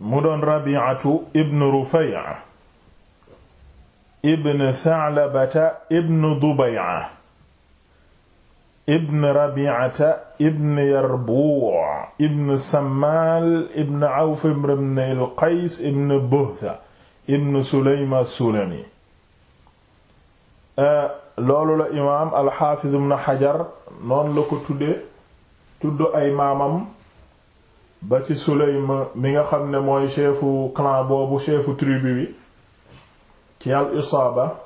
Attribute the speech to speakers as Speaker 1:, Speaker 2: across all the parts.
Speaker 1: mu doon rabi'atu ibn rufay'a ibn sa'labata ibn dubay'a ibn rabi'ata ibn yarbu' ibn sammal ibn awf ibn al-qays ibn buhtha ibn sulayma sulami euh, loolu la imaam al-hafiz ibn hajar noonu la ko tudde tudd ay maamam ba ci Sulaym mi nga xam ne mooy chefu clan boobu chefu tribu bi ci al isaaba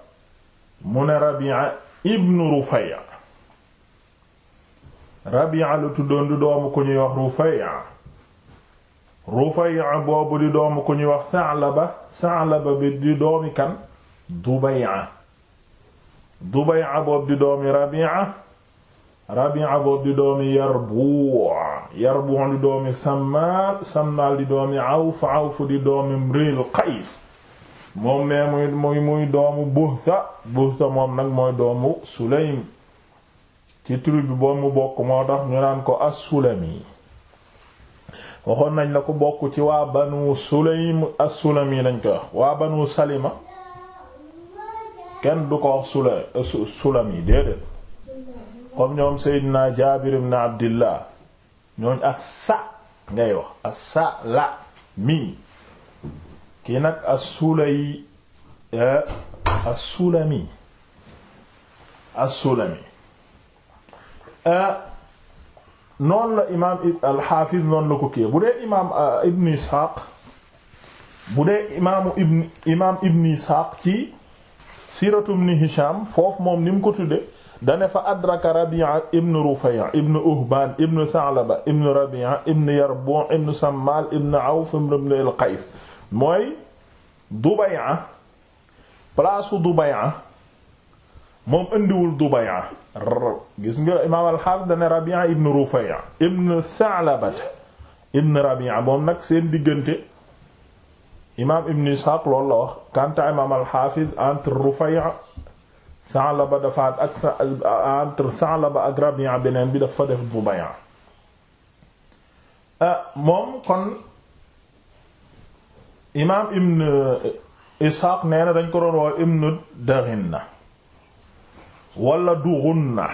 Speaker 1: mu ne Rabi'a ibnu Rufay' Rabi'a lu tuddoon di doomu ku ñuy wax Rufay' Rufay' boobu di doomu ku ñuy wax Sa'laba Sa'laba bi di doomi kan Dubay'a Dubay'a boobu di doomi Rabi'a Rabi'a boobu di doomi Yarbu' yarbu' di doomi sammaal sammaal di doomi awf awf di doomi mriil qays moom ne muy muy doomu buhsa buhsa moom nag mooy doomu sulaym ci tribu boo mu bokk moo tax ñu naan ko as-sulami waxoon nañ la ko bokk ci waa banu sulaym as-sulami lañ koy wax waa banu salima kenn du ko wax sula sulami déedéet comme ñoom seydina jaabir ibn abdillah ñooñ assa ngay wax assa la mi kii nag as-Sulay eh, as-Sulami as-Sulami eh, noonu la imaam al-Hafiz la ko kii bu dee imaam eh, Ibn Ishaq bu dee imaam Ibn Ishaq ci siiratu Ibn Hisham foofu moom ni mu ko tudde dane fa adraka rabia ibn rufay ibn uhban ibn thalaba ibn rabia ibn yarbu mooy dubaya place dubaya moom indiwul dubaya gis imaam alxaafis dane rabia ibn rufay ibn thalaba imaam ibn isxaaq loolu kanta imaam alxaafis entre rufay Sa'laba dafa ak entre Sa'laba ak Rabi'a beneen bi dafa def bu bayan ah, moom kon imaam Ibn Ishaq nee na dañ ko doon woo Ibn Daghinna wala Dughunna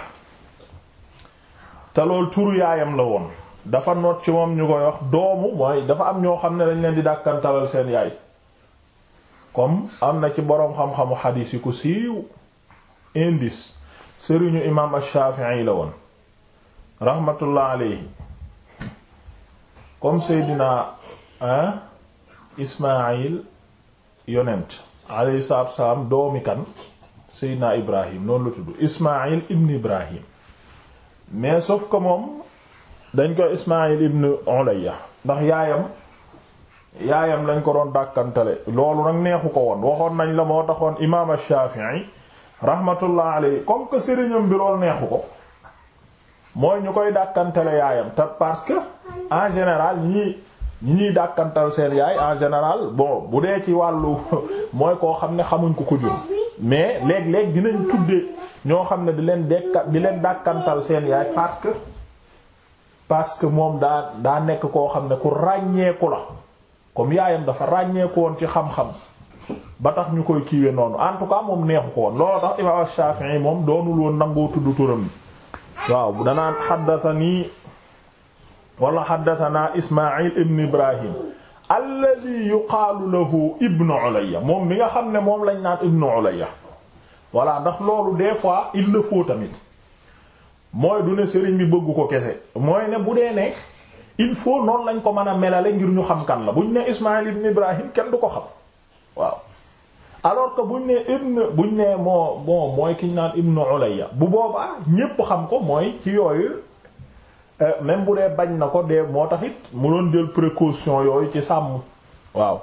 Speaker 1: te loolu turu yaayam la woon dafa noot ci moom ñu koy wax doomu mooy dafa am ñoo xam ne dañ leen di dàkkantalal seen yaay kom am na ci boroom xam-xamu xadiis yi ku siiw indice sëriñu imaam ash-Shafi'i la woon rahmatullah alayhi comme seydina Ismaayil yonent alayhi salaatu wassalaam doomi kan seydina Ibrahim noonu la tudd Ismaayil ibn Ibrahim mais sauf que moom dañ koy Ismaayil ibn Ulayya ndax yaayam yaayam lañ ko doon dàkkantale loolu nag neexu ko woon waxoon nañ la moo taxoon imaam ash-Shafi'i rahmatullah alayhi comme que sëriñam bi lool neexu ko mooy ñu koy dàkkantale yaayam te parce que en général ñi ñi ñuy dàkkantal seen yaay en général bon bu dee ci wàllu mooy koo xam ne xamuñ ko ko jur mais léeg-léeg dinañ tuddee ñoo xam ne di leen dekka di leen dàkkantal seen yaay parce que parce que moom daa daa nekk koo xam ne ku ràññeeku la comme yaayam dafa ràññeeku woon ci xam-xam ba tax ñu koy kiiwe noonu en tout cas moom neexu ko woon loolu tax imaam Shafi'i moom doonul woon nangoo tudd turam waaw danaan xaddatani wala xaddatana Ismaa'il ibn Ibrahim alladi yuqaalu lahu ibnu Ulayya moom mi nga xam ne moom lañ naan ibnu Ulayya voilà ndax loolu des fois il le faut tamit mooy du ne sëriñ bi bëgg ko kese mooy ne bu dee ne il faut noonu lañ ko mën a melale ngir ñu xam kan la buñ ne Ismaa'il ibn Ibrahim kenn du ko xam waaw alors que buñ ne bu ñu ne moo bon mooy kiñ ñu naan ibn Ulayya bu boobaa ñépp xam ko mooy ci yooyu euh, même bu dee bañ na ko dee moo tax it mu doon jël précaution yooyu ci sàmm waaw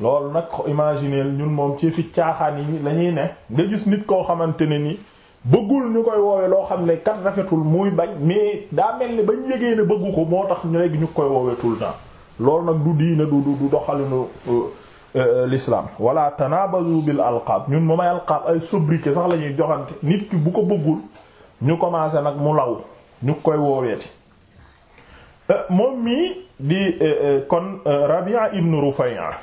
Speaker 1: loolu nag imaginer ñun moom ci fi caaxaan yi lañuy ne nga gis nit koo xamante ne ni bëggul ñu koy woowe loo xam ne kat rafetul muy bañ mais daa mel ni bañ yégee ne bëggu ko moo tax ñu léegi ñu koy woowee tout le temps loolu nag du diine du du doxalinu euh, Euh, l'islam wala tanabazu bil alqaab ñun moom ay alqaab ay sobriquet sax la ñuy joxante nit ki bu ko bëggul ñu commencé nag mu law ñu koy wooweeti euh, moom mii di euh, kon Rabi'a ibn Rufay'a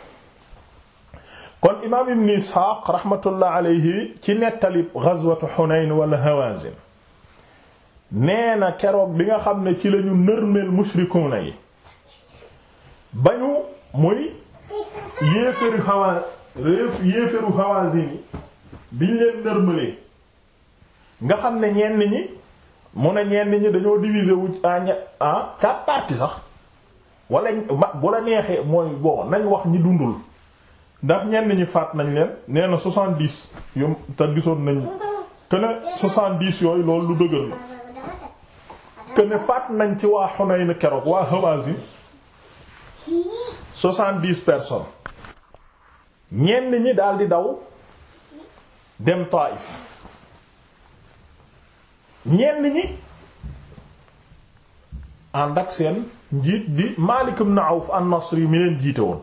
Speaker 1: kon imaam ibn Isxaaq rahmatullah alayhi ci nettali ghazwatu Hunayn wala Hawaazin nee keroog bi nga xam ne ci lañu nërmeel mushrikuuna yi bañu muy yéeféru xawa yéeféru Hawazin biñ leen nërmalee nga xam ne ñenn ñi mu ne ñenn ñi dañoo diviser wu en quatre parties sax wala bu la neexee mooy bon nañ wax ñi dundul ndax ñenn ñi faat nañ leen nee na soixante-dix yu te gisoon nañ que ne soixante-dix yooyu loolu lu dëgër la que ne faat nañ ci waa Hunayn keroog waa Hawazin soixante-dix personnes ñenn ñi daal di daw dem Taif ñenn ñi ànd ak seen njiit di Malik ibn Awf an-Nasri mi leen jiite woon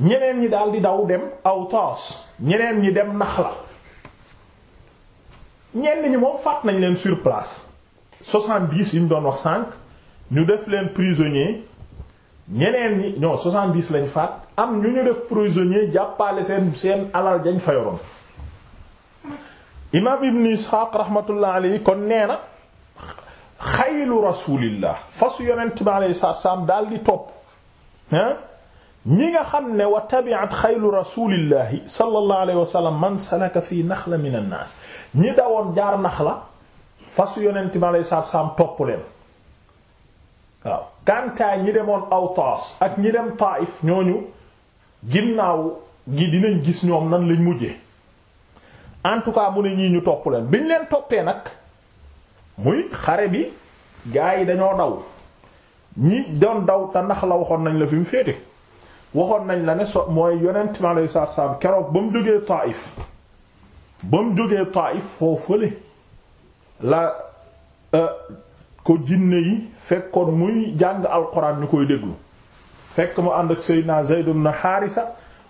Speaker 1: ñeneen ñi dal di daw dem aw Awtas ñeneen ñi dem Naxla ñenn ñi moom fàtt nañ leen sur place soixante-dix yi ñu doon wax cinq ñu def leen prisonnier ñeneen ñi ñoo 70 lañ faat am ñu ñu def prisonnier jàppale seen seen alal jañ fa yoroon imaam ibn Isxaaq rahmatullah kon nee na xaylu rasulillah fasu yonent bi sa salaatu salaam daal di topp ñi nga xam ne wa tabi'at xaylu rasulillahi sallallahu alayhi man salaka fi naxla min an naas ñi dawoon jaar naxla fasu yonent bi alayhi salaam topp leen waaw kantaay ñi demoon aw Awtaas ak ñi dem Taif ñooñu ginnaaw gi dinañ gis ñoom nan lañ mujjee en tout cas mu ne ñii ñu topp leen biñ leen toppee nag muy xare bi gaa yi dañoo daw ñi doon daw te ndax la waxoon nañ la fi mu féete waxoon nañ la ne so mooy yonent mi alayhi keroog ba mu jógee Taif ba mu jógee Taif foofu la. Euh, ko jinne yi fekkoon muy jàng alxuraan ñu koy déglu fekk mu ànd ak Seydina Zayd ibn Haarisa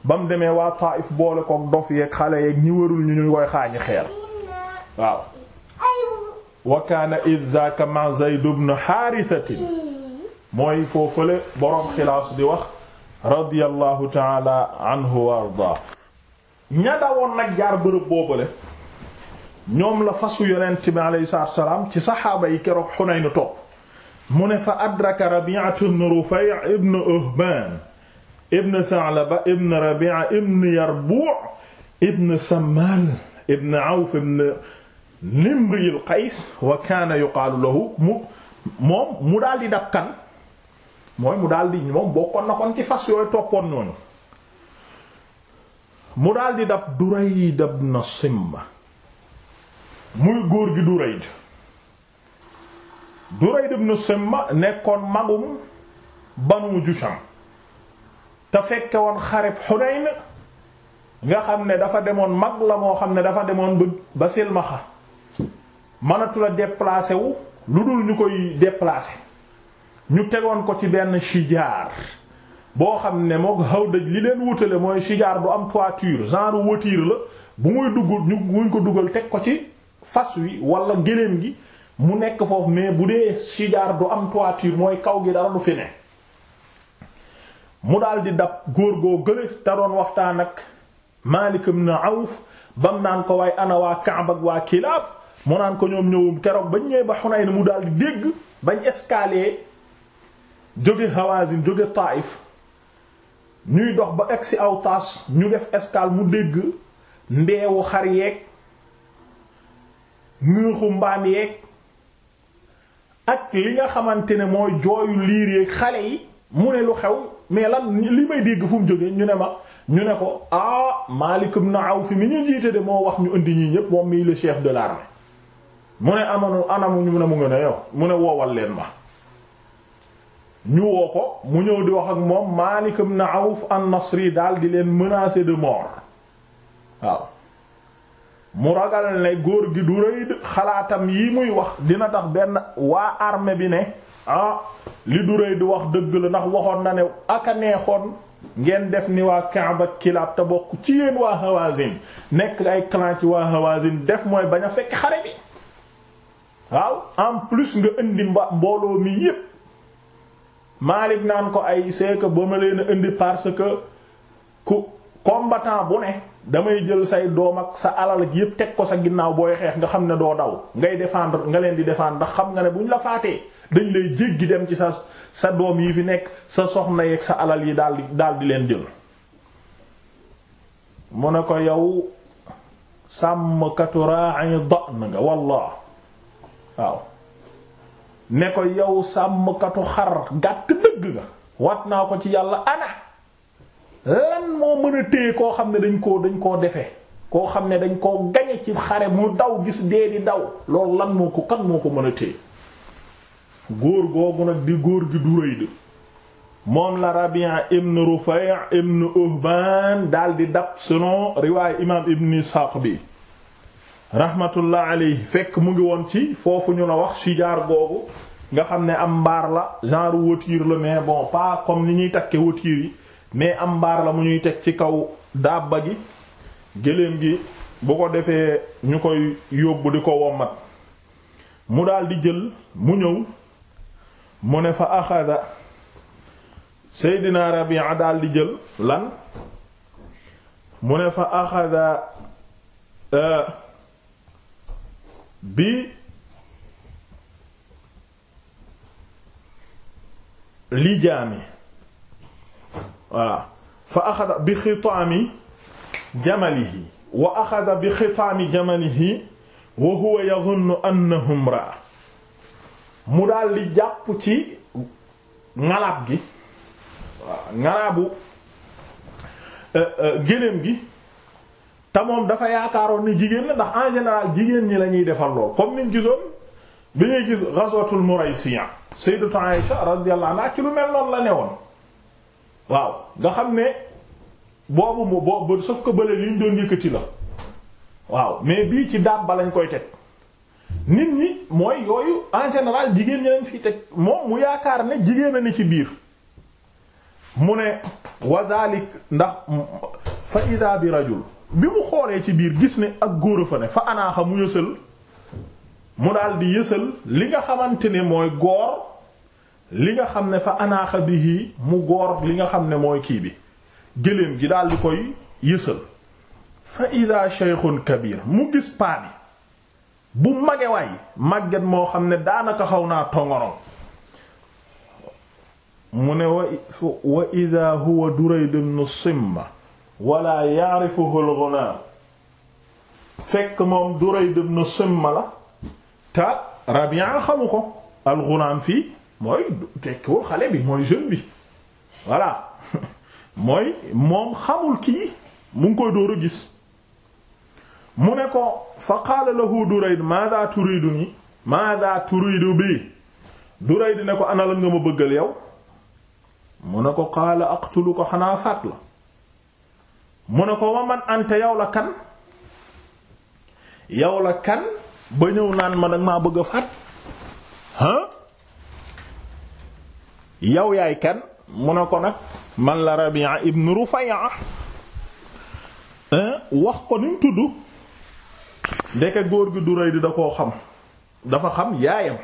Speaker 1: ba mu demee waa Taif boole kook dof yeeg xale yeeg ñi warul ñu ñu koy xaañi xeer waaw wa kaana id zaaka ma Zayd ibn Haarisatin mooy foofale boroom xilaas di wax radiyallahu taala anhu wa ardaa ña dawoon nag jaar bërëb boobale ñoom la fasu yonent bi aleyhi salaatu ci saxaaba yi keroog Xunayn topp mu ne fa adraka Rabi'atu ibn Rufay' ibn Uhban ibn Tha'laba ibn Rabi'a ibn Yarbu' ibn Sammal ibn Awf ibn Nimri al wa kaana yuqaalu lahu mu mu daal di dab kan mu daal mu daal di dab Durayd ibn Simma muy góor gi Durayd Durayd ibn Simma nekkoon magum Banu Jusham te fekke woon xareb Hunayn nga xam ne dafa demoon mag la moo xam ne dafa demoon ba silmaxa mënatula déplacé wu lu dul ñu koy déplacé ñu tegoon ko ci benn shijaar boo xam ne mook hawdaj li leen wutale mooy shijaar bu am toiture genre voiture la bu muy dugg ñu ko dugal teg ko ci fas wi walla ngëléem gi mu nekk foofu mais bu dee sijaar du am toiture mooy kaw gi dara du fi mu daal di dab góor goo gële te doon waxtaan ak Maalik ibn Awf bam naan ko waaye ana waa Kaab ak waa Kilaab mu naan ko ñoom ñëwum keroog bañ ñëwee ba Xunayn mu daal di dégg bañ escalier jóge Hawazin jóge Taif ñuy dox ba aw taas ñu def escale mu dégg mbeewu xar yeeg muuxu mbaam yeeg ak li nga xamante ne mooy jooyu liir yeeg xale yi mu ne lu xew mais lan li may dégg fu mu jógee ñu ne ma ñu ne ko ah Maalik ibn Awf mi ñu jiite de moo wax ñu indi ñii ñépp moom mii le chef de l'armée mu ne amanu anamu mu ne mu ngi ne yow mu ne woowal leen ma ñu woo ko mu ñëw di wax ak moom Maalik ibn Awf an-Nasri daal di leen menacer de mort waaw mu ragal ne góor gi du rëy xalaatam yi muy wax dina tax benn waa arme bi ne ah li du rëy di wax dëgg la ndax waxoon na ne aka neexoon ngeen def ni waa Kaab ak Kilaab te bokk ci yéen waa Hawazin nekk ay clan ci waa Hawazin def mooy bañ a fekk xare bi waaw en plus nga indi mba mbooloo mi yépp Malik naan ko ay c'est que ba ma leen indi parce que ku bu ne damay jël say doom ak sa alal ak yépp teg ko sa ginnaaw booy xeex nga xam ne doo daw ngay défendre nga leen di défendre ndax xam nga ne bu ñu la faatee dañ lay jéggi dem ci sa sa doom yi fi nekk sa soxna yeeg sa alal yi daal di daal di leen jël mu ne ko yow sàmmkatu ra'i da'n nga wallah waaw ne ko yow sàmmkatu xar gàtt dëgg nga wat naa ko ci yàlla ana lan moo mën a koo xam ne dañ koo dañ koo defe koo xam ne dañ koo gañe ci xare mu daw gis dee di daw lool lan moo ko kan moo ko mën a téye góor googu nag di góor gi du rëy de moom la Rabi'a ibn Rufay' ibn Uhban daal di dab selon riwaay imaam ibn Isxaaq bi rahmatullah alayhi fekk mu ngi woon ci foofu ñu la wax sijaar googu nga xam ne am mbaar la genre voiture le mais bon pas comme ni ñuy takke voiture yi mais am mbaar la mu ñuy teg ci kaw dabba gi gëléem gi bu ko defee ñu koy yóbbu di ko wommat mu daldi jël mu ñëw mu ne fa axada seydina rabia daldi jël lan mu ne fa axada euh, bi lii lijaami voilà fa axada bi xitaami jamalihi wa axada bi xitaami jamalihi wa huwa yadhunnu annahu imra'a mu daal di jàpp ci ngalaab gi waaw ngalaabu euh, euh, gi te moom dafa yaakaaroon ni jigéen la ndax en général jigéen ñi la ñuy defal lool comme niñ gisoon bi ñuy gis ghazwatul Muraysiya sayyidatu Aisha radiyallahu anha ci lu mel noonu la ne woon waaw nga xam ne boobu mu boobu sauf que bële liñ doon yëkkati la waaw mais bii ci daab ba lañ koy teg nit ñi mooy yooyu en général jigéen ñi lañ fi teg moom mu yaakaar ne jigéen a ne ci biir mu ne wa ndax fa ida bi rajul bi mu xoolee ci biir gis ne ak góor fa ne fa anaaxa mu yësal mu daal di yësal li nga xamante ne mooy góor li nga xam ne fa anaaxa bihi mu goor li nga xam ne mooy kii bi gëléem gi daal koy yësal fa ida shaykhun kabir mu gis paa bu mage waay màgget moo xam ne daanaka xaw naa tongoron mu ne wa ida huwa durayd ibn simma wala ya'rifuhu al-ghulam fekk moom durayd ibn simma la ta rabi'a xamu ko al-ghulam fii mooy tekkiwul xale bi mooy jeune bi voilà mooy moom xamul kii mu ngi koy dóor a gis mu ne ko fa du lahu Durayd maada turidu ni maada turidu bi Durayd ne ko ana la nga ma bëggal yow mu ne ko qaala aqtulu ko xanaa faat la mu ne ko waman ante yow la kan yow la kan ba ñëw naan ma danga maa bëgg a faat yow yaay kan mu ne ko nag man la Rabi'a ibn Rufay'a wax ko ni mu tudd ndeke góor gi du rey di da koo xam dafa xam yaayam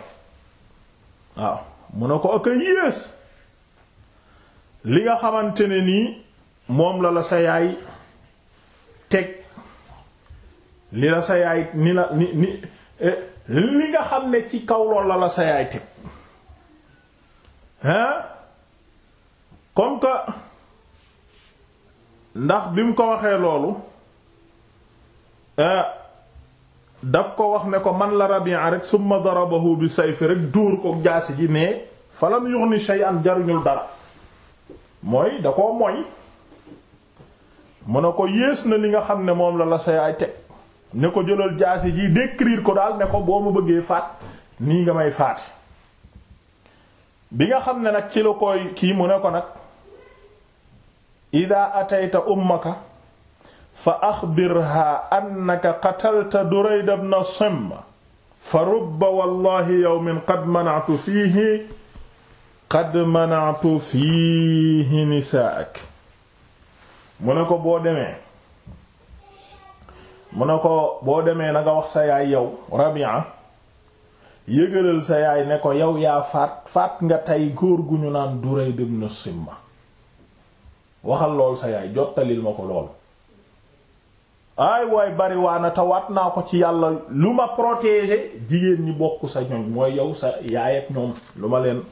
Speaker 1: waaw mu ne ko ak a yées li nga xamante ne nii moom la la sa yaay teg li la sa yaay ni la ni ni eh, li nga xam ne ci kaw lool la la sa yaay teg hein comme que ndax bi mu ko waxee loolu daf ko wax ne ko man la Rabi'a rek summa darabahu bi say sayfi rek dóor ko jaasi ji mais falam yughni shay'an jaruñul dara mooy da koo moy mu ne ko yées na li nga xam ne moom la la sa yaay teg ne ko jëlal jaasi ji décrire ko daal ne ko boo ma bëggee faat nii nga may faati bi nga xam ne nag ci la koy kii mu ne ko nag ida atayta ummaka fa axbirha annaka qatalta durayd ibn simm fa rubba wallahi yawmin qad mana'tu fiihi qad mana'tu fiihi nisaa'ak mu ne ko boo demee mu ne ko boo demee na nga wax sa yaay yow Rabi'a yëgalal sa yaay ne ko yow yaa faat faat nga tey góor gu ñu naan duray dem na simma waxal lool sa yaay jottalil ma ko lool ay waay bariwaana te waat naa ko ci yàlla lu ma protéger jigéen ñi bokk sa ñoñ mooy yow sa yaay ak ñoom lu ma leen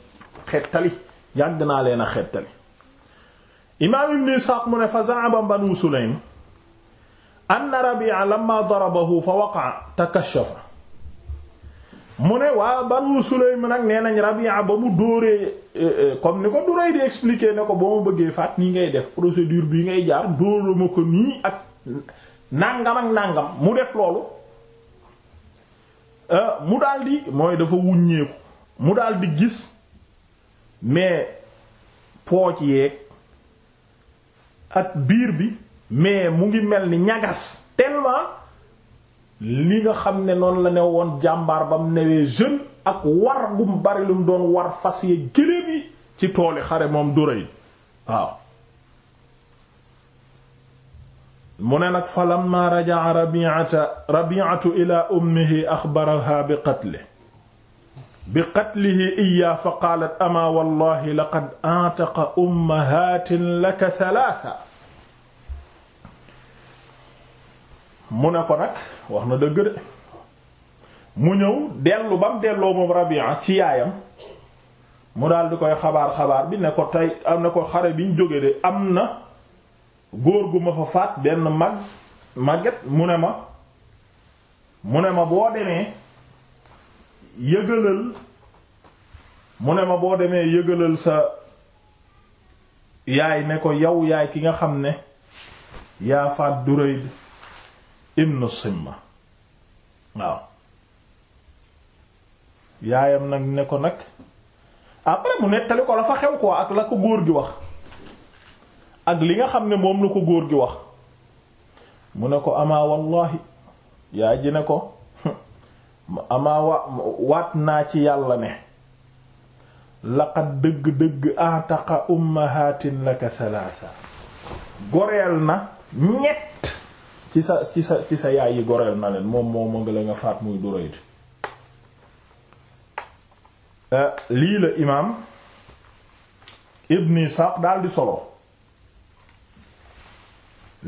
Speaker 1: xettali yàgg naa leen a xettali imaam ibn Isxaaq mu ne fa za'aba banu Sulaym anna Rabi'a lamma darabahu fa waqa'a takashafa mu ne waa Banu mën nag nee nañ Rabi'a ba mu dóoree eh, eh, comme ni ko Duray di expliquer ne ko boo ma bëggee faat ni ngay def procédure bii ngay jaar dóora ma ko nii ak nangam ak nàngam mu def loolu eh, mu daldi mooy dafa wuññeeku mu daldi gis mais pooc yeeg ak biir bi mais mu ngi mel ni ñagas tellement li nga xam ne noonu la ne woon jàmbaar ba mu newee jeune ak war bu mu doon war fas ye ci tooli xare moom du rëy waaw mu ne nag fa lamma rajaa rabiata rabiatu ila ummihi axbaraha bi qatle bi qatlihi iya fa qaalat ama wallahi laqad antaqa ummahatin laka thalatha mu ne ko nag wax na dëgg de mu ñëw dellu bam delloo mu Rabi'a ci yaayam mu daal koy xabaar xabaar bi ne ko tey am na ko xare bi ñu jóge de am na góor gu ma fa faat benn mag màgget mu ne ma mu ne ma boo demee yëgalal mu ne ma boo demee yëgalal sa yaay ne ko yow yaay ki nga xam ne yaa faat Durayd ibnu simma waaw yaayam nag ne ko nag après mu nettali ko la fa xew quoi ak la ko góor gi wax ak li nga xam ne moom la ko góor gi wax mu ne ko amaa wallahi yaay ji ne ko hm, amaa waat naa ci yàlla ne laqad dëgg-dëgg ataqa ummahatin laka thalatha goreel na ñett ci sa ci sa ci sa yaay yi goreel na leen moom moo ma nga la nga faat muy Durayd eh, lii la imaam Ibn Isaaq daal di solo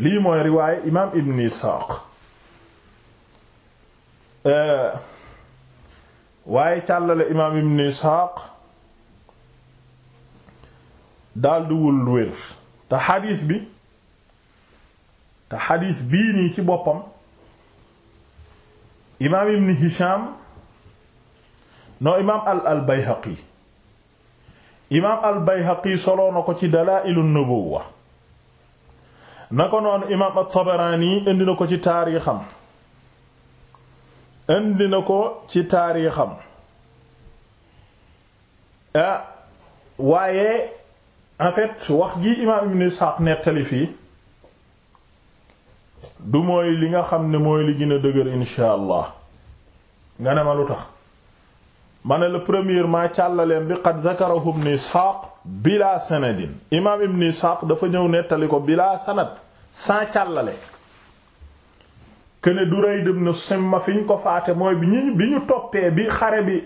Speaker 1: lii mooy riwaaye imaam Ibn Isaaq eh, waaye càllale imaam Ibn Isaaq daal di wul wér te xadiis bi te xadiis bii nii ci boppam imaam ibn Hisham noo imaam al al Bayhaqi imaam al Bayhaqi soloo ko ci Dalaa'ilu Nubuwwa na ko noonu imaam at-Tabaraani indi na ko ci taariixam indi na ko ci taariixam ah waaye en fait wax gi imaam ibn Ishaq nettali fii du mooy li nga xam ne mooy li gën a dëgër insha nga ne ma lu tax mane la la premièrement càllaleen bi qad zakarahu ibn isxaaq bila sanadin imaam ibn isxaaq dafa ñëw nettali ko bila sanad sans càllale këne Durayd ibn Simma fi ñu ko faate mooy bi ñu bi ñu toppee bi xare bi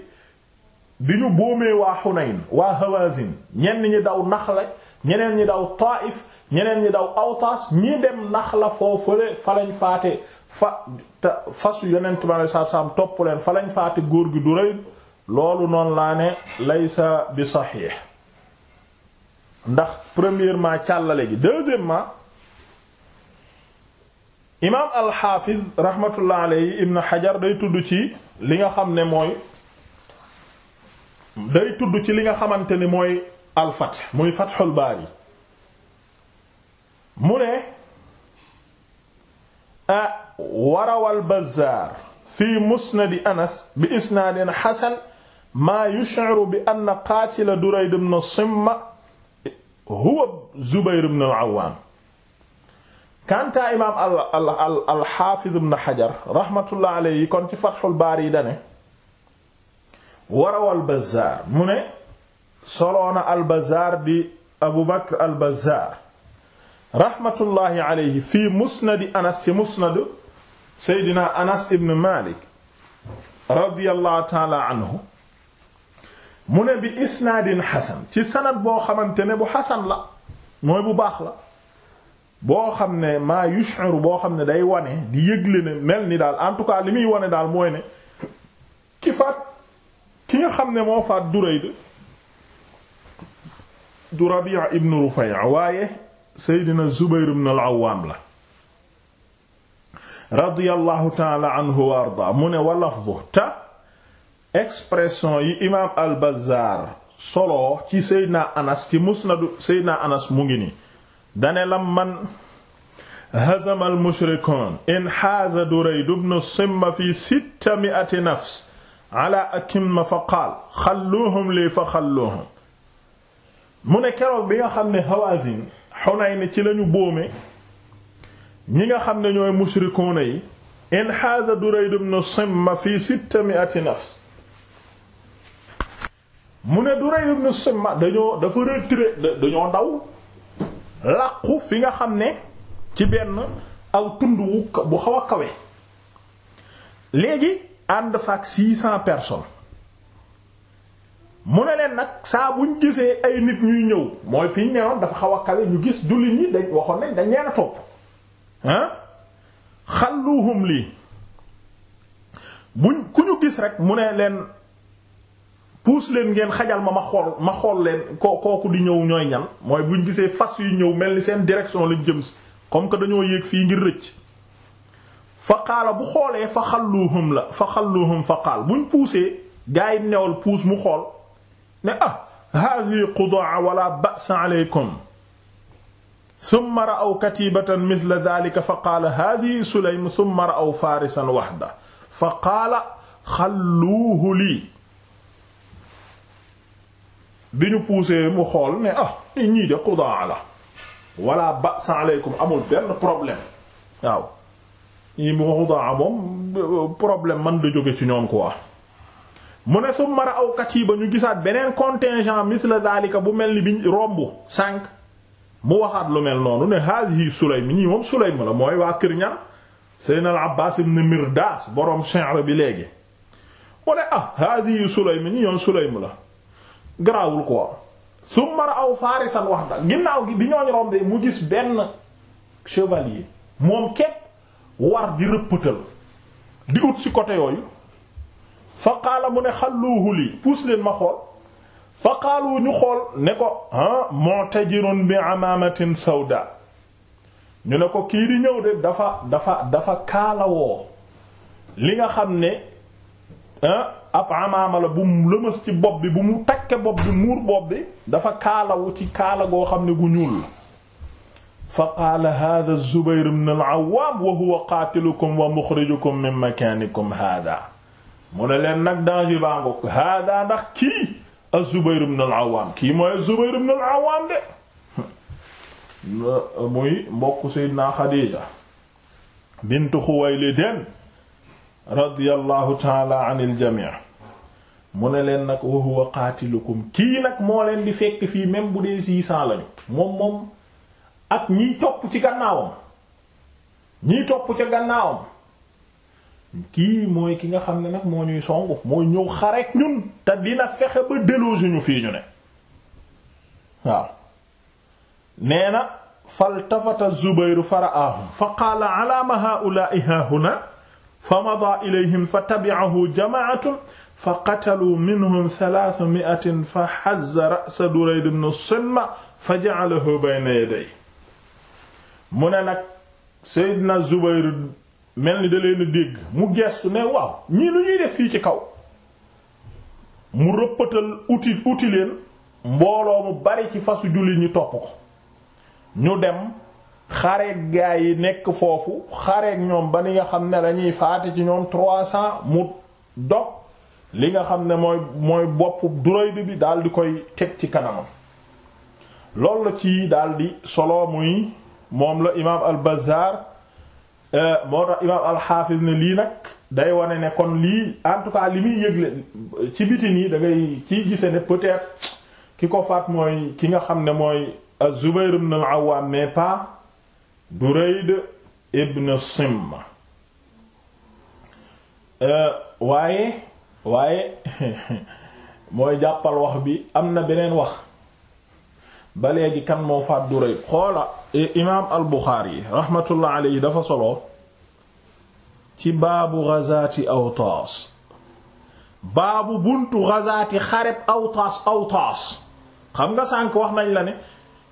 Speaker 1: bi ñu boomee waa Hunayn waa Hawazin ñenn ñi daw Naxla ñeneen ñi daw Taif ñeneen ñi daw Awtaas ñi dem Naxla foofule fa lañ faate fa te fasu yonent bi alayhi salaatu salaam topp leen fa faate góor gi du rëy loolu noon laa ne laysa bi saxiix ndax premièrement càllale gi deuxièmement imaam alxaafiz rahmatullah alayhi ibn Hajar day tudd ci li nga xam ne mooy day tudd ci li nga xamante ni mooy alfat muy Fathul yi mu ne a warawal bazaar fi musnadi anas bi isnaadin xasan maa yushciru bi anna qaatila durayd ibn simma huwa zubayr ibn al-awwaam kantaa imaam al al al xaafiz ibn xajar raxmatullah alayhi kon ci fatxul baari dane warawal bazaar mu ne soloona al bazaar di abu bakr al bazaar rahmatullahi alayhi fii musnadi anas ci musnadu seydina anas ibn malik radiyallahu taala anhu mu ne bi isnaadin xasan ci sanad boo xamante ne bu xasan la mooy bu baax la boo xam ne maa yush'uru boo xam ne day wane di yëgle ne mel ni daal en tout cas li muy wane daal mooy ne ki faat ki nga xam ne moo faat Durayd du Rabi'a ibn Rufay' waaye seydina zubayr ibn al awaam la radiyallahu taala anhu wa arda ta expression yi imaam al bazaar solo ci seydina anas ci musnadu seydina anas mu ngi ni dane lam man hazama in haaza durayd ibn simma fi sitta mi'ati nafs ala akimma fa qaal xalluuhum lii fa xalluuhum mu ne keroog bi nga xam ne hawazin Hunayn ci lañu boome ñi nga xam ne ñooy mushrikuuna yi inhaaza Durayd ibn Simma fi sitta mi'ati mu ne du ibn Simma dañoo dafa retiré dañoo daw làqu fi nga xam ne ci benn aw tund bu xaw a kawe léegi ànd faak 600 personnes mu ne leen nag saa buñ gisee ay nit ñuy ñëw mooy fi ñu ne woon dafa xaw a kawe ñu gis jullit ñi dañ waxoon nañ dañ leen a topp ah xalluhum lii buñ ku ñu gis rek mu ne leen puus leen ngeen xajal ma ma xool ma xool leen ko kooku di ñëw ñooy ñan mooy bu ñu gisee fas yuy ñëw mel ni seen direction lañ jëm si comme que dañoo yéeg fii ngir rëcc fa xaala bu xoolee fa xalluhum la fa xalluhum fa xaal buñ puusee gaa yi newal puus mu xool ne ah hadi qudaa wala ba'sa aleykum summa ra'aw katibatan mithla dhalika fa qaala hadi sulaym summa ra'aw farisan wahda fa qaala xalluuhu lii bi ñu puusee mu xool ne ah ñii de qudaa la wala ba'sa aleykum amul benn problème waaw ñii mu qudaa moom problème man da jóge ci ñoom quoi mu ne summa ra'aw ba ñu gisaat beneen contingent misla zalika bu mel ni biñ romb sànq mu waxaat lu mel noonu ne haadihi Sulaym ñii moom Sulaym la mooy waa kër ñan Seydina al Abbaas ibn Mirdaas boroom Shi'r bi léegi mu ne ah haadihi Sulaym ñii ñoom Sulaym la garaawul quoi summa ra'aw Faarisan wahda ginnaaw gi bi ñooñ rombee mu gis benn chevalier moom képp war di rëppatal di ut ci côté yooyu fa qaala mu ne xalluuhu lii puus leen ma xool fa qaalu ñu xool ne ko ah mu'tajirun bi amaamatin sawda ñu ne ko kii di ñëw de dafa dafa dafa kaalawoo li nga xam ne ah, ab amaama la bu lëmës ci bopp bi bu mu takke bopp bi muur bopp bi dafa kaalawu ci kaala goo xam ne gu ñuul la fa qaala hada zubayr ibn al-awwaam wa huwa qaatilukum wa muxrijukum min makaanikum hada mu ne leen nag danger baa ngokk hada ndax kii az-Zubayr ibn al-Awwam kii mooy az-Zubayr al-Awwam de muy mbokk Seydina Khadija bint Khuwaylid radiyallahu ta'ala anil jami' mu ne leen nag wa huwa qaatilukum kii nag moo leen di fekk fii même bu dee six cents lañu moom moom ak ñiy topp ci gannaawam ñiy topp ca gannaawam kii mooy ki nga xam ne moo ñuy songu mooy ñëw xareek ñun te dina fexe ba fa qaala alaama haa'ulaa'i haahuna fa madaa ilayhim fa tabi'ahu jamaa'atun fa qataluu minhum fa hazza ra'sa durayd ibn simma fa ja'alahu bayna yadayhi mu ne nag mel ni da leen dégg mu geestu ne waaw ñii lu ñuy def fii ci kaw mu rëppatal uti uti leen mbooloo mu bari ci fasu julli ñu topp ko ñu dem xareeg gaa yi nekk foofu xareeg ñoom ba ni nga xam ne dañuy faate ci ñoom trois li nga xam ne mooy mooy boppu Durayd bi daal di koy teg ci kanamam loolu la ci daal di solo muy moom la imaam al-Bazzar Euh, moo imaam alxaafis ne lii nag day wane ne kon lii en li muy yëgle ci biti nii da ngay ciy gise ne peut ki ko faat mooy ki nga xam ne mooy az-Zubayr ibn al-Awwam mais pas Durayd ibn Simm euh, waaye waaye mooy jàppal wax bi am na beneen wax ba léegi kan moo faat Durayb xoola imaam al-Buxaari rahmatullah alayhi dafa solo ci baabu ghazaati Awtaas baabu buntu ghazaati xareb Awtaas Awtaas xam nga sànk wax nañ la ne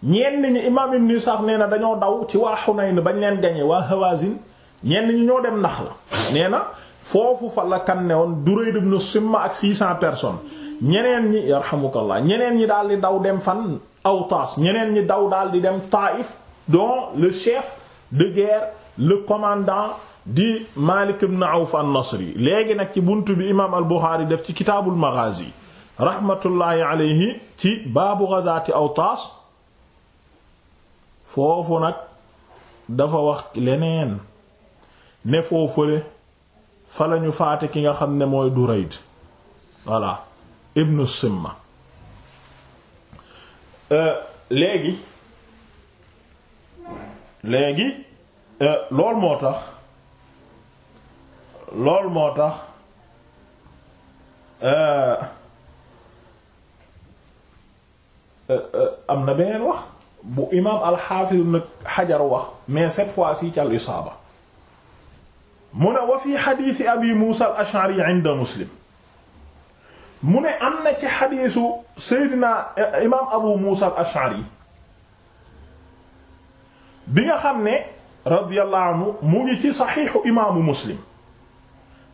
Speaker 1: ñenn ñi imaam Ibn Isaaq nee na dañoo daw ci waa Xunayn bañ leen gañe waa Hawaazin ñenn ñi ñoo dem ndax la nee na foofu fa la kan ne woon Durayd ibn Simma ak 600 personnes ñeneen ñi yarhamukallah ñeneen ñi daal di daw dem fan Awtaas ñeneen ñi daw daal di dem Taïf dont le chef de guerre le commandant di Malik ibn Awf an-Nasri léegi nag ci bunt bi imaam al-Bukhari def ci kitaabul Maghazi rahmatullahi alayhi ci baabu ghazaati Awtaas foofu nag dafa wax leneen ne foofule fa lañu faate ki nga xam ne mooy Durayd voilà ibnu Simma Euh, léegi léegi euh, loolu moo tax loolu moo tax euh, am na beneen wax bu imaam alxaafiz nag xajar wax mais set fois-ci ci al isaaba mu ne wa fi xadiisi abi muusa al ash'ari inda muslim mu ne am na ci xadiisu Seydina eh, imaam Abu Muusa al-Ash'ari bi nga xam ne radiyallahu anhu mu ngi ci saxiixu imaamu Muslim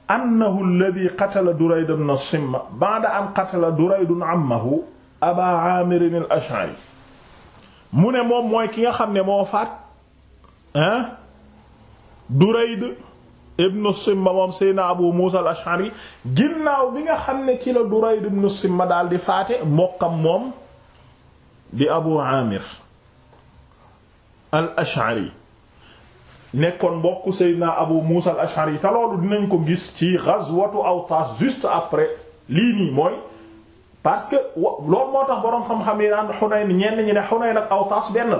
Speaker 1: annahu alladhi qatala Durayd ibn Simma ba'da an qatala Durayd ammahu Aba Aamir al-Ash'ari mu ne moom mooy ki nga xam ne moo faat ah Durayd ibnu simma moom seyna abu muusa al ashari ginnaaw bi nga xam ne ci la durayd ibnu simma daal di faate mbokkam moom di abu amir al ashari nekkoon mbokk seyna abu muusa al ashari te loolu dinañ ko gis ci ghazwatu awtaas juste après lii nii mooy parce que loolu moo tax boroom xam-xam yi naan xunayn ñenn ñi ne xunayn ak awtaas benn la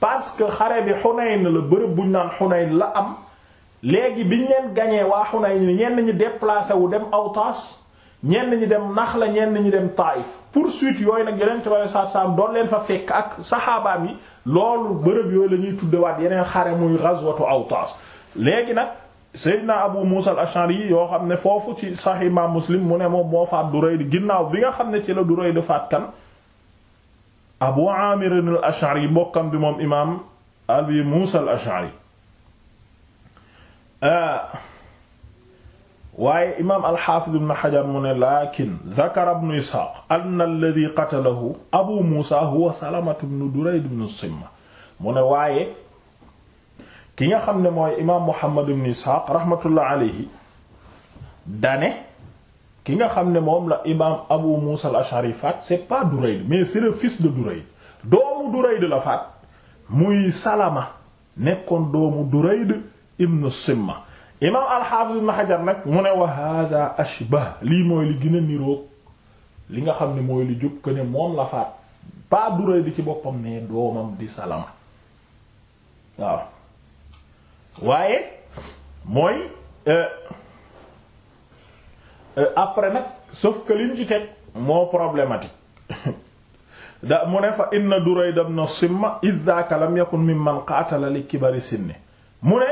Speaker 1: parce que xare bi xunayn la bërëb buñ naan xunayn la am léegi biñ leen gañee waa Hunayn ni ñenn ñi déplacé wu dem Awtaas ñenn ñi dem Naxla ñenn ñi dem Taayif poursuite yooyu nag yeneen tubaab yi saam doon leen fa fekk ak saxaabaam yi loolu bërëb yooyu la ñuy tuddewaat yeneen xare muy ghazwatu Awtaas léegi nag Seydina Abu Musa al-Ash'ari yoo xam ne foofu ci Sahih Imam Muslim mu ne moom moo faat di ginnaaw bi nga xam ne ci la Durayd faat kan Abu Amir al-Ash'ari mbokkam bi moom imaam Abi Musa al-Ash'ari Ah. waaye imaam alxaafiz ibn xajar mu ne lakin dakara ibnu isxaaq ann alladi qatalahu abu muusa huwa salamatu bnu durayd simma mu ne waaye ki nga xam ne mooy imaam muhammad ibn isxaaq rahmatullah alayhi dane ki nga xam ne moom la imaam abu muusa al ashari faat c'est pas durayd mais c'est le fils de durayd doomu durayd la faat muy salama nekkoon doomu durayd ibnu simma imaam xajar nag mu ne wa hada ashbah lii mooy li gën a niroog li nga xam ne mooy li jub que ne moom la faat pas duray di ci boppam ne doomam di salama waaw waaye mooy euh, euh, après nag sauf que liñ ci teg moo problématique da mu ne fa inna Durayd ibn Simma idh dhaka lam yakun mimman qatala li kibari sinni mu ne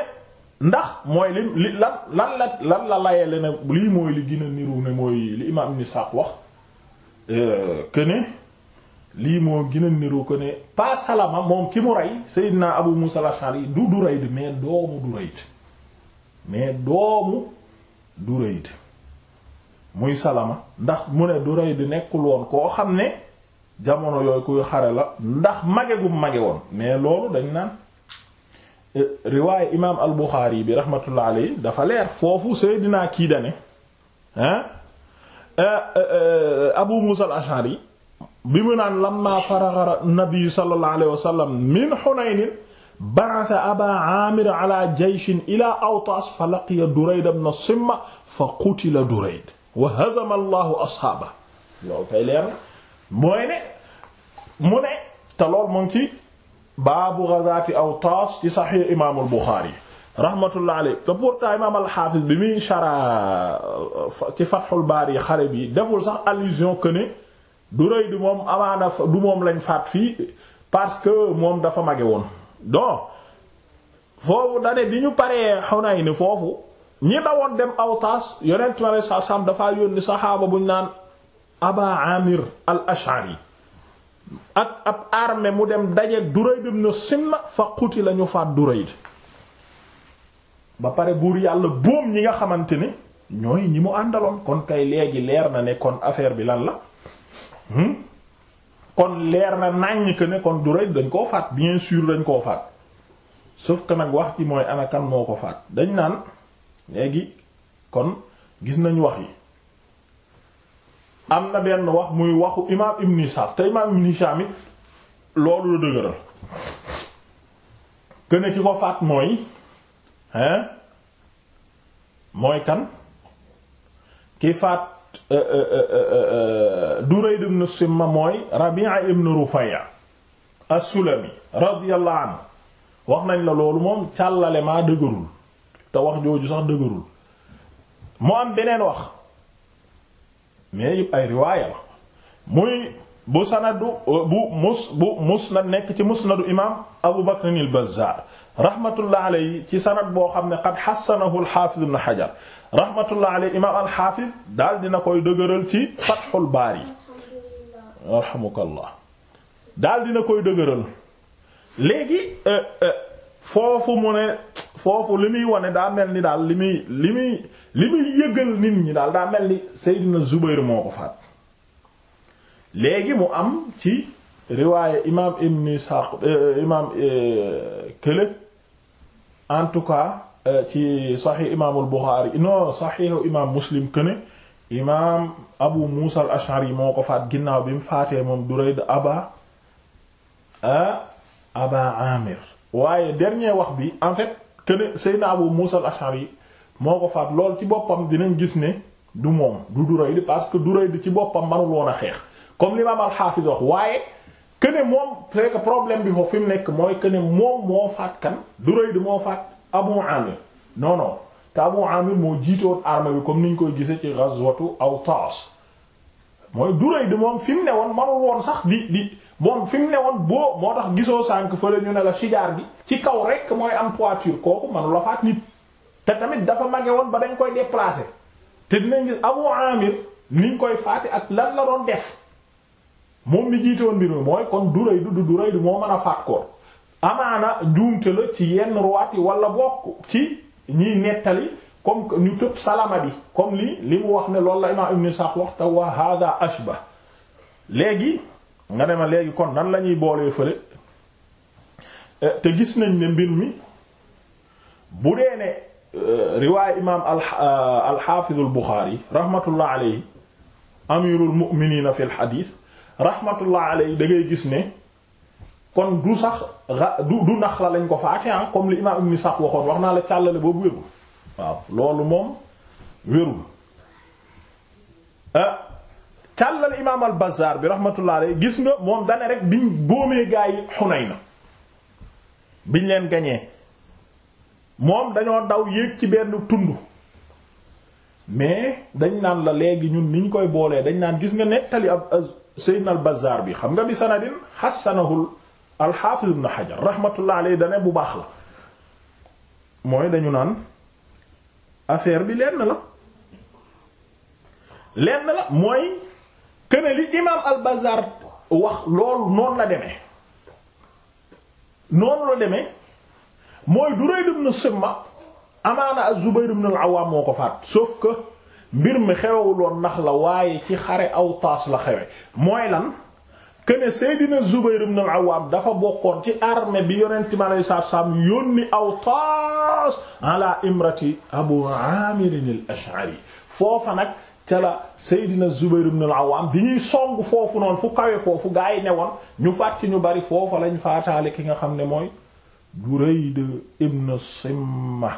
Speaker 1: ndax mooy li li lan lan la lan la layele ne lii mooy li gën a niru ne mooy li imam ibn Sa'd wax euh, que lii moo gën niru que ne pas salama moom ki mu rey Seydina Abu Musa al-Ash'ari du Durayd mais doomu Durayd mais doomu Durayd muy salama ndax mu ne Durayd nekkul woon koo xam ne jamono yooyu kuy xare la ndax mage gu mage woon mais loolu dañ naan riwaaye imaam al Buxaari bi rahmatullah alayhi dafa leer foofu Seydina kii dane ah Abu Muusa al Ashari bi mu naan lamma faraga nabi sallallahu alayhi wa sallam min Hunayn ba'atha Aba Aamir ala jayshin ila Awtaas fa laqiya Durayd ibn Simma fa qutila Durayd wa hazama Allahu ashaabahu loolu kay leer mooy ne mu ne te loolu moom ci baabu aw Awtaas ci saxiix imaamul Buxaari rahmatullah aley te pourtant imaam al bi muy shara euh, ci Fathul Baari xare bi deful sax allusion que du rëy du moom amaana du moom lañ faat fii parce que moom dafa mage woon donc foofu dane bi ñu paree Hunayn foofu ñi woon dem Awtaas yonent mi aleye sat u selaam dafaa yónni saxaaba buñ naan Aba Amir al-Ash'ari ak ab arme mu dem dajeek Durayd ibn Simma fa xuti lañu faat du Durayd ba pare buur yàlla boom ñi nga xamante ni ñooy ñi mu àndaloon kon kay léegi leer na ne kon affaire bi lan la hmm? kon leer na nàññ ko ne kon Durayd dañ koo faat bien suur dañ koo faat sauf ka nag wax ci mooy anakan moo ko faat dañ naan léegi kon gis nañ wax yi am na benn wax muy waxu imaam ibn Hishaam loolu la dëgëral këne ki ko faat mooy mooy kan ki faat euh, euh, euh, Durayd ibn Simma mooy Rabi'a ibn Rufaya as-Sulami radiyallahu anhu wax nañ la loolu moom càllale maa dëgërul te wax jooju sax dëgërul mu am beneen wax mais yëpp ay riwaaya la muy bu sanadu bu mus bu musnad nekk ci musnadu imaam Abu Bakr al-Bazzaar rahmatullah alayhi ci sanad boo xam ne qad xassanahu al-Haafiz ibn Hajar rahmatullah alayhi imaam al-Haafiz daal dina koy dëgëral ci Fathul Baari yarhamukallah daal dina koy dëgëral léegi. Euh, euh, foofu mu ne foofu li muy wane daa mel ni daal li muy li muy li muy yëgal nit ñi daal daa mel ni Seydina Zubayr moo ko faat léegi mu am ci riwaaye imaam Ibn Ishaq eh, imaam eh, kële en eh, ci saxiix imaamul Buxaari non saxiixu imaam Muslim këne imaam Abu Muusa al-Ash'ari moo ko faat ginnaaw bi mu faatee moom Durayd Aba ah, Aba Amir waaye dernier wax bi en fait que ne Seydina Abu Musa yi moo ko faat lool ci boppam dinañ gis ne du moom du Durayd parce que Durayd ci boppam manul woon a xeex comme l'imam al-Hafiz wax waaye que moom c'est que problème bi foofu fi mu nekk mooy que ne moom moo faat kan di moo faat Abu Amir non non te Abu Amir moo jiitoon armée bi comme niñ koy gisee ci aw Awtas mooy Durayd moom fi mu ne woon manul woon sax di di. bon fi mu ne woon boo moo tax gisoo sànq fële ñu ne la sijaar bi ci kaw rek mooy am toiture kooku manu la faat nit te tamit dafa mage woon ba dañ koy déplacer te dinañ gis Abu Amir niñ koy faati ak lan la doon def moom mi jiite woon mbir mooy kon duray du duray di moo mën a faat amaana njuumte la ci yenn ruwaat yi wala bokk ci ñiy nettali comme ñu tëb salama bi comme lii li mu wax ne loolu la imaam Ibn Sa'd wax te wa hada ashba léegi nga ne ma léegi kon nan la ñuy boolee fële eh, te gis nañ ne mbir mi bu dee ne eh, riwaay imaam alxaafidul eh, Buxaari rahmatullah aleyhi amirul mu'miniina fil xadiis rahmatullah aleyhi da ngay gis ne kon du sax du du nax la lañ ko faate ah comme li imaam ibn Sa'd waxoon wax naa la càllale boobu wérul waaw loolu moom wérul càllal imaam al bazaar bi rahmatullah alayhi gis nga moom dane rek biñ boomee gaa yi Hunayna biñ leen gañee moom dañoo daw yéeg ci benn tund mais dañ naan la léegi ñun niñ koy boolee dañ naan gis nga nettali ab sayyidna al bazaar bi xam nga bi sanadin xasanahul al xaafiz ibn Hajar rahmatullah alayhi dane bu baax la mooy dañu naan affaire bi lenn la lenn la mooy këne li imaam al-Bazzaar wax loolu noonu la demee noonu la demee mooy Durayd ibn Simma amaana az-Zubayr ibn al-Awwaam moo ko faat sauf que mbir mi xewewuloon nax la waaye ci xare Awtaas la xewe mooy lan këne Seydina Zubayr ibn al-Awwaam dafa bokkoon ci armée bi yonent mi alayhi salaatu salaam yónni Awtaas ala imrati Abu Aamir al-Ash'ari foofa nag ca la Seydina Zubayr ibn al bi ñuy song foofu noonu fu kawe foofu gaa yi newoon ñu fàtt ñu bari foofa lañu faataale ki nga xam ne mooy Burayd ibn Simma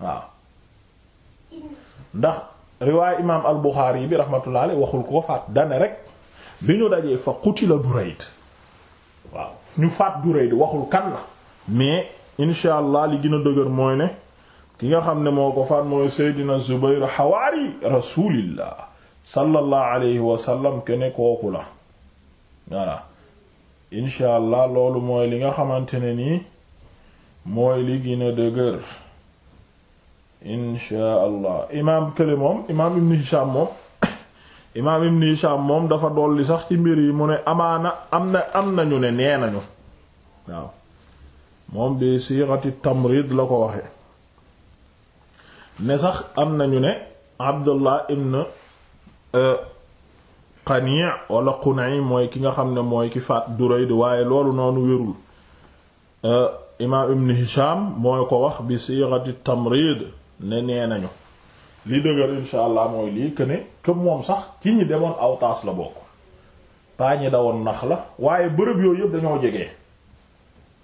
Speaker 1: waaw ndax riwaay imaam al-Bukhari yi bi rahmatullah waxul koo faat dane rek bi ñu dajee fa qutila Burayd waaw ñu faat Burayd waxul kan la mais insha allah li gën a dëgër mooy ne ki nga xam ne moo ko faat mooy Seydina Zubayr xawaari rasulillah sallallahu alayhi wa kene kooku la voilà incha loolu mooy li nga xamante ne nii mooy li gën a dëgër incha imaam kële moom imaam Ibn Hisham moom imaam Ibn moom dafa dolli sax ci mbir yi mu ne amaana am na am nañu ne nee nañu waaw moom bi siixati tamrid la ko waxe ne sax am nañu ne Abdullah ibn euh, Qani' wala Qunay mooy ki nga xam ne mooy ki faat Durayd waaye loolu noonu wérul euh, imaam ibn Hisham mooy ko wax bi sighati tamrid ne nee nañu li dëgër insha allah mooy lii que ne que moom sax ci ñi demoon Awtaas la bokk paa ñi dawoon nax la waaye bërëb yooyu yëpp dañoo jege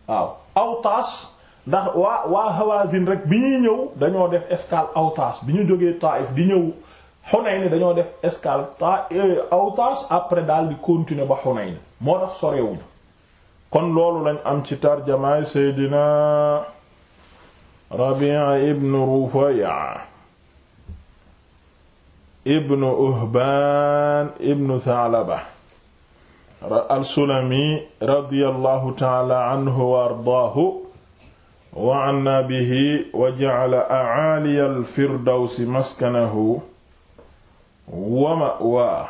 Speaker 1: waaw Awtaas ndax waa waa Hawazin rek bi ñuy ñëw dañoo def escale Awtas bi ñu jógee Taif di ñëw Hunayn dañoo def escale ta euh, après daal di continuer ba Hunayn moo tax sorewuñu kon loolu lañ am ci tarjamaay Seydina Rabi'a ibn Rufay'a ibn Uhban ibn Tha'laba al-Sulami radiyallahu ta'ala anhu wa ardaahu wa anna bihi wa ja'ala a'aliya al-firdawsi maskanahu wa ma'waa